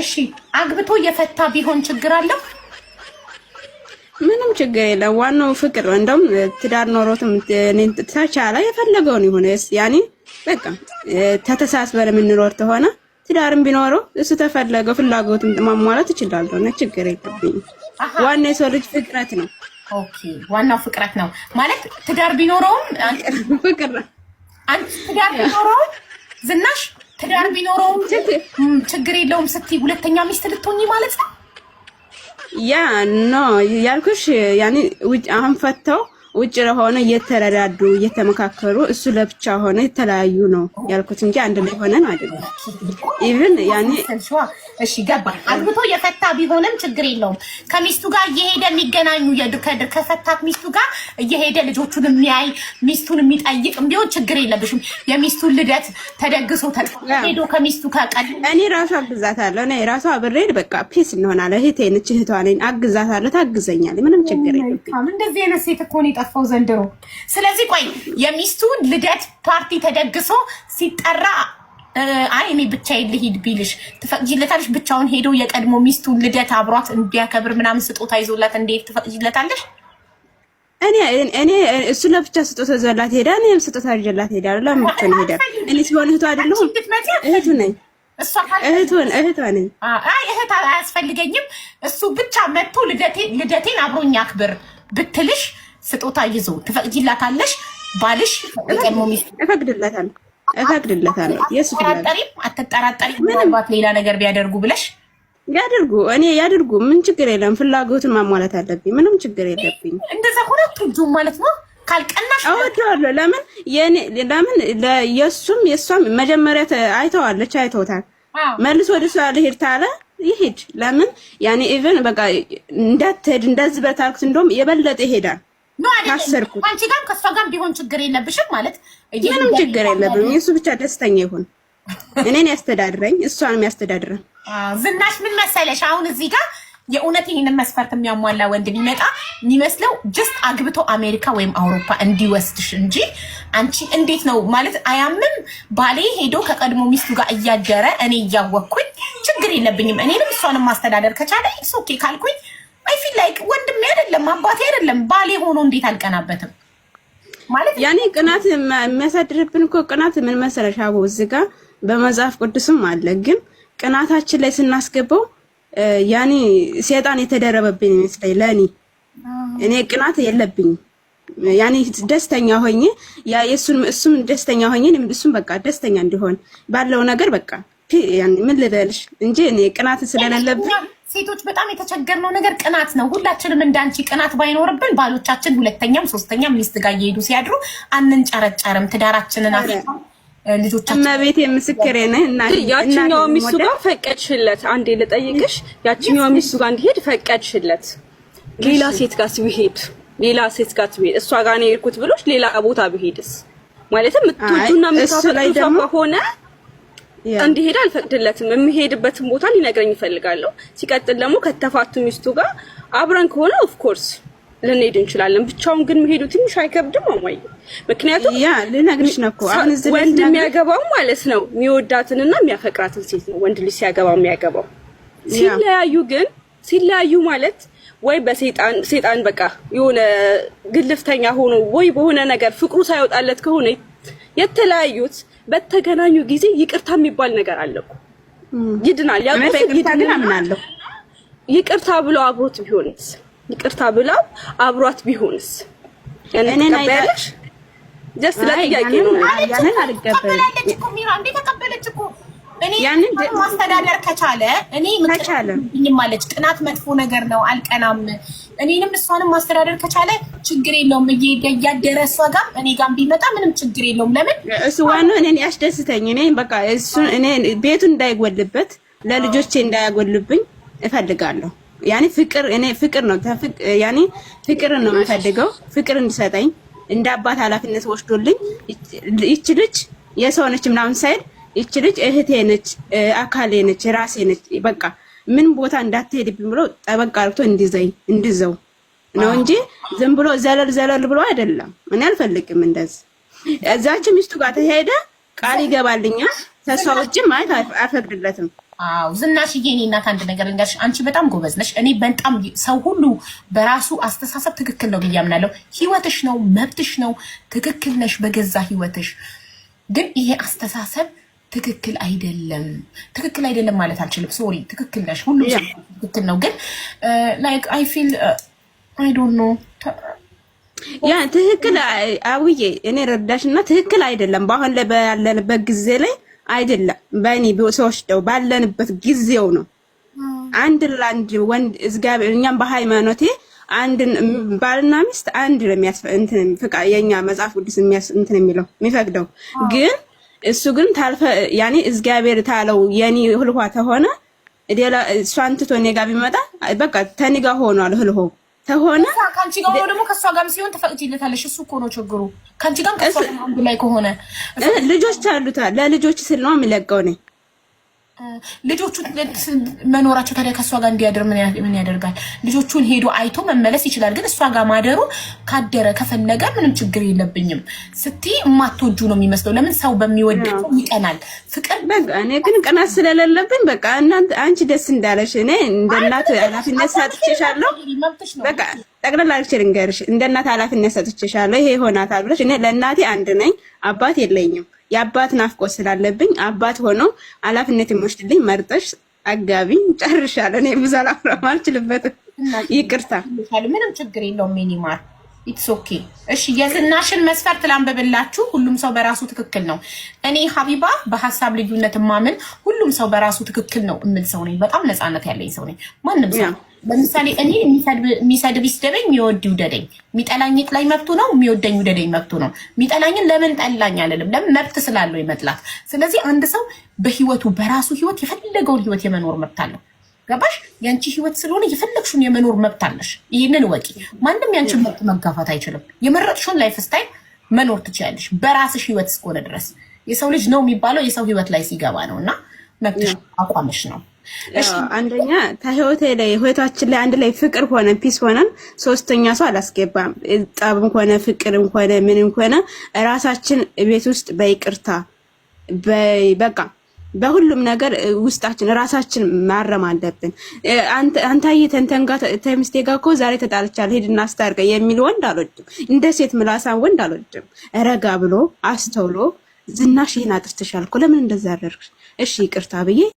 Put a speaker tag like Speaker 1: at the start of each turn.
Speaker 1: እሺ አግብቶ የፈታ ቢሆን ችግር አለው?
Speaker 2: ምንም ችግር የለም። ዋናው ፍቅር እንደውም ትዳር ኖሮትም ተቻለ የፈለገውን ይሁን ያኔ በቃ ተተሳስበን የምንኖር ተሆነ ትዳርም ቢኖረው እሱ ተፈለገ ፍላጎትም ማሟላት እችላለሁ እና ችግር የለብኝ። ዋና የሰው ልጅ ፍቅረት ነው።
Speaker 1: ኦኬ ዋናው ፍቅረት ነው ማለት ትዳር ቢኖረውም ፍቅር ትዳር ቢኖረውም ዝናሽ ትዳር ቢኖረውም ችግር የለውም ስትይ ሁለተኛ ሚስት ልትሆኚ ማለት ነው?
Speaker 2: ያ ኖ ያልኩሽ ያኔ አሁን ፈተው ውጭ ለሆነ እየተረዳዱ እየተመካከሩ እሱ ለብቻ ሆነ የተለያዩ ነው ያልኩት እንጂ አንድ ላይ ሆነን አይደለም። ኢቭን ያኔ
Speaker 1: እሺ ገባ አግብቶ የፈታ ቢሆንም ችግር የለውም። ከሚስቱ ጋር እየሄደ የሚገናኙ የድከድር ከፈታት ሚስቱ ጋር እየሄደ ልጆቹን የሚያይ ሚስቱን የሚጠይቅ ቢሆን ችግር የለብሽም። የሚስቱን ልደት ተደግሶ ሄዶ ከሚስቱ ከቀል
Speaker 2: እኔ ራሱ አግዛታለሁ። እኔ ራሱ አብሬድ በቃ ፒስ እንሆናለን። እህቴ ነች፣ እህቷ ነኝ። አግዛታለሁ፣ ታግዘኛለች። ምንም ችግር
Speaker 1: የለም። እንደዚህ አይነት ሴት እኮ ነው ጠፋው ዘንድሮ። ስለዚህ ቆይ የሚስቱን ልደት ፓርቲ ተደግሶ ሲጠራ አይ እኔ ብቻዬን ልሂድ ቢልሽ ትፈቅጂለታለሽ? ብቻውን ሄዶ የቀድሞ ሚስቱን ልደት አብሯት እንዲያከብር ምናምን ስጦታ ይዞላት እንዴት ትፈቅጂለታለሽ?
Speaker 2: እኔ እኔ እሱ ለብቻ ስጦታ ይዞላት ሄዳ እኔም ስጦታ ይዤላት ሄዳ ለምቹ ነው ሄዳ እኔ ሲሆን እህቱ አይደለሁም እህቱ ነኝ እህቱን እህቷ ነኝ።
Speaker 1: አይ እህት አያስፈልገኝም እሱ ብቻ መጥቶ ልደቴን አብሮኝ አክብር ብትልሽ ስጦታ ይዞ ትፈቅጂላታለሽ? ባልሽ
Speaker 2: ቀድሞ ሚስት እፈቅድለታለሁ እፈቅድለታለሁ።
Speaker 1: አትጠራጠሪም አትጠራጠሪም። ምናልባት ሌላ ነገር ቢያደርጉ ብለሽ
Speaker 2: ያደርጉ እኔ ያደርጉ፣ ምን ችግር የለም። ፍላጎትን ማሟላት አለብኝ፣ ምንም ችግር የለብኝ።
Speaker 1: እንደዛ ሁለቱ እጁ ማለት ነው። ካልቀናሽ
Speaker 2: እወደዋለሁ። ለምን ለምን የእሱም የእሷም መጀመሪያ አይተዋለች፣ አይተውታል። መልሶ ወደ እሷ ልሄድ ታለ ይሄድ። ለምን ያኔ ኢቨን በቃ እንዳትሄድ እንዳዝበታልኩት እንደውም የበለጠ ይሄዳል።
Speaker 1: ታሰርኩት። አንቺ ጋርም ከእሷ ጋርም ቢሆን ችግር የለብሽም ማለት
Speaker 2: ምንም ችግር የለብም። የእሱ ብቻ ደስተኛ ይሁን። እኔን ያስተዳድረኝ እሷንም ያስተዳድረን።
Speaker 1: ዝናሽ ምን መሰለሽ፣ አሁን እዚህ ጋር የእውነት ይህንን መስፈርት የሚያሟላ ወንድ ቢመጣ የሚመስለው ጀስት አግብቶ አሜሪካ ወይም አውሮፓ እንዲወስድሽ እንጂ አንቺ እንዴት ነው ማለት አያምም። ባሌ ሄዶ ከቀድሞ ሚስቱ ጋር እያደረ እኔ እያወቅኩኝ ችግር የለብኝም እኔንም እሷንም ማስተዳደር ከቻለ ኦኬ ካልኩኝ አይ ፊል ላይክ ወንድሜ አይደለም አባቴ አይደለም ባሌ ሆኖ እንዴት አልቀናበትም?
Speaker 2: ማለት ያኔ ቅናት የሚያሳድርብን እኮ ቅናት ምን መሰለሽ አቦ እዚህ ጋር በመጽሐፍ ቅዱስም አለ። ግን ቅናታችን ላይ ስናስገባው ያኔ ሴጣን የተደረበብኝ ይመስለኝ። ለእኔ እኔ ቅናት የለብኝ ያኔ ደስተኛ ሆኜ ያ የሱን እሱም ደስተኛ ሆኜ እሱም በቃ ደስተኛ እንዲሆን ባለው ነገር በቃ ምን ልበልሽ እንጂ እኔ ቅናት ስለሌለብኝ
Speaker 1: ሴቶች በጣም የተቸገርነው ነገር ቅናት ነው። ሁላችንም እንዳንቺ ቅናት ባይኖርብን ባሎቻችን ሁለተኛም ሶስተኛም ሚስት ጋር እየሄዱ ሲያድሩ አንንጨረጨርም። ትዳራችንን አ
Speaker 2: ልጆቻችን እመቤቴ የምስክሬ ነህ።
Speaker 3: እና ያችኛው ሚስቱ ጋር ፈቀድሽለት? አንዴ ልጠይቅሽ፣ ያችኛው ሚስቱ ጋር እንዲሄድ ፈቀድሽለት? ሌላ ሴት ጋር ሲሄድ ሌላ ሴት ጋር ሲሄድ እሷ ጋር ነው የሄድኩት ብሎች ሌላ ቦታ ብሄድስ ማለትም የምትወጁና ምታፈቅዱ ከሆነ እንዲሄድ አልፈቅድለትም። የሚሄድበትን ቦታ ሊነግረኝ ይፈልጋለሁ። ሲቀጥል ደግሞ ከተፋቱ ሚስቱ ጋር አብረን ከሆነ ኦፍኮርስ ልንሄድ እንችላለን። ብቻውን ግን መሄዱ ትንሽ አይከብድም? አማይ ምክንያቱም
Speaker 2: ያ ልነግርሽ ነው እኮ
Speaker 3: አሁን እዚህ ወንድ የሚያገባው ማለት ነው የሚወዳትንና የሚያፈቅራትን ሴት ነው ወንድ ልጅ ሲያገባው የሚያገባው። ሲለያዩ ግን ሲለያዩ ማለት ወይ በሰይጣን ሰይጣን በቃ የሆነ ግልፍተኛ ሆኖ ወይ በሆነ ነገር ፍቅሩ ሳይወጣለት ከሆነ የተለያዩት በተገናኙ ጊዜ ይቅርታ የሚባል ነገር አለ እኮ ይድናል። ያቆሰ ይቅርታ ብሎ አብሮት ቢሆንስ? ይቅርታ ብላ አብሯት ቢሆንስ? እኔ ነኝ ጀስት ለጥያቄ ነው።
Speaker 1: ተቀበላለች እኮ ሚራ እንዴ፣ ተቀበለች እኮ ያንን ማስተዳደር ከቻለ እኔ ምቻለኝማለች ቅናት መጥፎ ነገር ነው፣ አልቀናም። እኔንም እሷንም ማስተዳደር ከቻለ ችግር የለውም። እያደረ እሷ ጋር እኔ ጋር ቢመጣ ምንም ችግር የለውም። ለምን
Speaker 2: እሱ ዋናው እኔን ያስደስተኝ። እኔ በቃ እሱ እኔ ቤቱን እንዳይጎልበት ለልጆቼ እንዳያጎልብኝ እፈልጋለሁ። ያኔ ፍቅር እኔ ፍቅር ነው ያኔ ፍቅር ነው የምፈልገው። ፍቅር እንድሰጠኝ እንደ አባት ኃላፊነት ወስዶልኝ ይች ልጅ የሰው ነች ምናምን ሳይል ይች ልጅ እህቴ ነች፣ አካሌ ነች፣ ራሴ ነች፣ በቃ ምን ቦታ እንዳትሄድብኝ ብሎ ጠበቅ አርግቶ እንዲዘኝ እንዲዘው ነው እንጂ ዝም ብሎ ዘለል ዘለል ብሎ አይደለም። እኔ አልፈልግም እንደዚህ። እዛች ሚስቱ ጋር ተሄደ ቃል ይገባልኛ ተሷ ውጭ ማየት አልፈቅድለትም።
Speaker 1: አዎ ዝናሽ እኔ እናት አንድ ነገር ልንገርሽ። አንቺ በጣም ጎበዝ ነሽ። እኔ በጣም ሰው ሁሉ በራሱ አስተሳሰብ ትክክል ነው ብዬ አምናለሁ። ህይወትሽ ነው፣ መብትሽ ነው፣ ትክክል ነሽ በገዛ ህይወትሽ። ግን ይሄ አስተሳሰብ ትክክል አይደለም። ትክክል አይደለም ማለት አልችልም። ሶሪ፣ ትክክል ነሽ፣ ሁሉም ትክክል ነው። ግን ላይክ አይ ፊል አይ ዶንት ኖ
Speaker 2: ያ ትክክል አውዬ እኔ ረዳሽ እና ትክክል አይደለም። በአሁን ላይ ባለንበት ጊዜ ላይ አይደለም። በእኔ ሰወስደው ባለንበት ጊዜው ነው hmm. አንድ ለአንድ ወንድ እግዚአብሔር እኛም በሃይማኖቴ አንድ ባልና ሚስት አንድ ለሚያስፈ እንትን ፍቃ የኛ መጽሐፍ ቅዱስ እንትን የሚለው የሚፈቅደው hmm. ግን እሱ ግን ታልፈ ያኔ እግዚአብሔር ታለው የኔ ህልዋ ተሆነ ሌላ እሷን ትቶ እኔ ጋር ቢመጣ በቃ ተኔ ጋር ሆኗል። ህልሆ ተሆነ
Speaker 1: ከአንቺ ጋር ሆኖ ደግሞ ከእሷ ጋርም ሲሆን ትፈቅጂለታለሽ። እሱ እኮ ነው ችግሩ። ከአንቺ ጋርም ከእሷ አንዱ ላይ ከሆነ
Speaker 2: ልጆች አሉታ ለልጆች ስል ነው የሚለቀው ነኝ
Speaker 1: ልጆቹ መኖራቸው ታዲያ ከእሷ ጋር እንዲያደር ምን ያደርጋል? ልጆቹን ሄዶ አይቶ መመለስ ይችላል። ግን እሷ ጋር ማደሩ ካደረ ከፈለገ ምንም ችግር የለብኝም ስቲ እማትወጁ ነው የሚመስለው። ለምን ሰው በሚወደው ይቀናል።
Speaker 2: ፍቅር እኔ ግን ቅናት ስለሌለብኝ በቃ እናንተ አንቺ ደስ እንዳለሽ እኔ እንደ እናት ኃላፊነት ሰጥቼሻለሁ። በቃ ጠቅላላ አድርጌ ልንገርሽ እንደ እናት ኃላፊነት ሰጥቼሻለሁ። ይሄ ይሆናታል ብለሽ እኔ ለእናቴ አንድ ነኝ፣ አባት የለኝም የአባት ናፍቆት ስላለብኝ አባት ሆኖ ኃላፊነት የሚወስድልኝ መርጠሽ አጋቢኝ። ጨርሻለሁ። እኔ ብዙ አላወራም፣ አልችልበትም። ይቅርታ።
Speaker 1: ምንም ችግር የለውም። ሚኒማር ኢትስ ኦኬ። እሺ፣ የዝናሽን መስፈርት ላንብብላችሁ። ሁሉም ሰው በራሱ ትክክል ነው። እኔ ሀቢባ በሀሳብ ልዩነት ማምን ሁሉም ሰው በራሱ ትክክል ነው እምል ሰው ነኝ። በጣም ነፃነት ያለኝ ሰው ነኝ። ማንም ሰው ለምሳሌ እኔ የሚሰድብ ይስደበኝ፣ የሚወድ ይውደደኝ። የሚጠላኝ ይጥላኝ መብቱ ነው። የሚወደኝ ውደደኝ መብቱ ነው። የሚጠላኝን ለምን ጠላኝ አልልም። ለምን መብት ስላለው ይመጥላት። ስለዚህ አንድ ሰው በህይወቱ በራሱ ህይወት የፈለገውን ህይወት የመኖር መብት አለው። ገባሽ? ያንቺ ህይወት ስለሆነ የፈለግሽውን የመኖር መብት አለሽ። ይህንን ወቂ። ማንም ያንቺን መብት መጋፋት አይችልም። የመረጥሽውን ላይፍ ስታይል መኖር ትችያለሽ፣ በራስሽ ህይወት እስከሆነ ድረስ። የሰው ልጅ ነው የሚባለው የሰው ህይወት ላይ ሲገባ ነው እና መብትሽ አቋምሽ ነው።
Speaker 2: አንደኛ ከህይወቴ ላይ ህይወታችን ላይ አንድ ላይ ፍቅር ሆነ ፒስ ሆነ ሶስተኛ ሰው አላስገባም። ጠብም ሆነ ፍቅርም ሆነ ምንም ሆነ ራሳችን ቤት ውስጥ በይቅርታ በቃ በሁሉም ነገር ውስጣችን ራሳችን ማረም አለብን። አንታዬ ተንተን ጋር ተምስቴ ጋር እኮ ዛሬ ተጣልቻለሁ ሄድና አስታርቀኝ የሚል ወንድ አልወድም። እንደ ሴት ምላሳም ወንድ አልወድም። ረጋ ብሎ አስተውሎ ዝናሽ ይሄን አጥፍተሻል እኮ ለምን እንደዛ አደረግሽ? እሺ ይቅርታ ብዬ